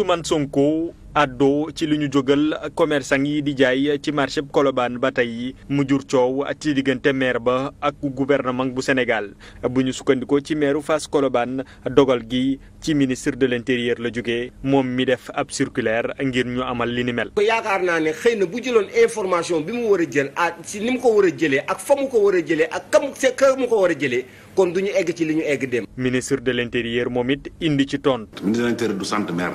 Ousmane Sonko àddoo ci li ñu jógal commerçant yi di jaay ci marché bu ba tey mu jur coow ci diggante maire ba ak gouvernement bu Sénégal bu ñu sukkandikoo ci meeru Fass Colobane dogal gi ci ministre de l'intérieur la jógee moom mi def ab circulaire ngir ñu amal li ni mel. yaakaar naa ne xëy na bu jëloon information bi mu war a jël ah si ni mu ko war a jëlee ak fa mu ko war a jëlee ak kam se ka mu ko war a jëlee kon du ñu egg ci li ñu egg dem. ministre de l'intérieur moom it indi ci tontu. ministre du sant maire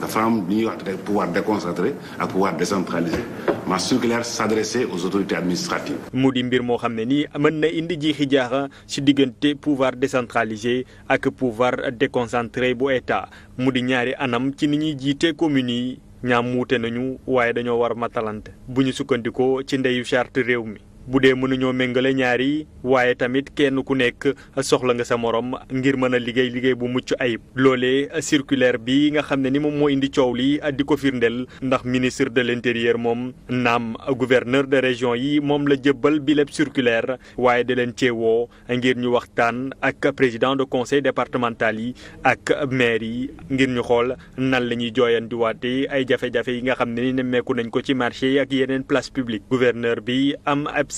dafa am lu ñuy wax pouvoir déconcentré ak pouvoir décentralisé masse circulaire s'adresser aux autorités administratives. mu di mbir moo xam ne nii mën na indi jiixi jaaxa ci diggante pouvoir décentralisé ak pouvoir déconcentré bu état mu di ñaari anam ci ni ñuy jiite communes yi ñaam wuute nañu waaye dañoo war matalante bu ñu sukkandikoo ci ndeyu charte réew mi. bu dee mënuñoo méngale ñaar yi waaye tamit kenn ku nekk soxla nga sa morom ngir mën a liggéey liggéey bu mucc ay loole circulaire bi nga xam ne ni moom moo indi coow li di ko firndeel ndax ministre de l'intérieur moom naam gouverneur de région yi moom la jëbbal bi lépp circulaire waaye da leen ceewoo ngir ñu waxtaan ak président de conseil départemental yi ak maire yi ngir ñu xool nan la ñuy jooyantiwaate ay jafe-jafe yi nga xam ne ni nemmeeku nañ ko ci marché yi ak yeneen place publique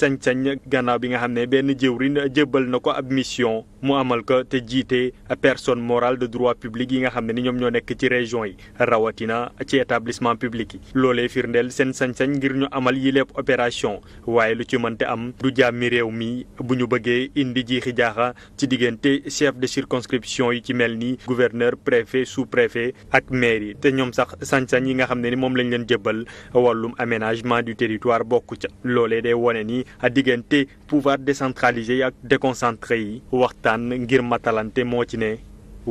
sañ-sañ gannaaw bi nga xam ne benn jëwriñ jëbbal na ko ab mission mu amal ko te jiite personne morale de droit public yi nga xam ne ni ñoom ñoo nekk ci région yi rawatina ci établissement public yi. loolee firndeel seen sañ-sañ ngir ñu amal yileeb opération waaye lu ci mënte am du jàmmi réew mi bu ñu bëggee indi jiixi jaaxa ci diggante chef de circonscription yi ci mel ni gouverneur préfet sous préfet ak maire yi te ñoom sax sañ-sañ yi nga xam ne ni moom lañ leen jébbal wàllum aménagement du territoire bokk ca loolee day wone ni diggante pouvoir décentralisé yi ak déconcentré yi waxtaan ngir matalante moo ci ne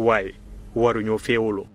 waaye waruñoo féewaloo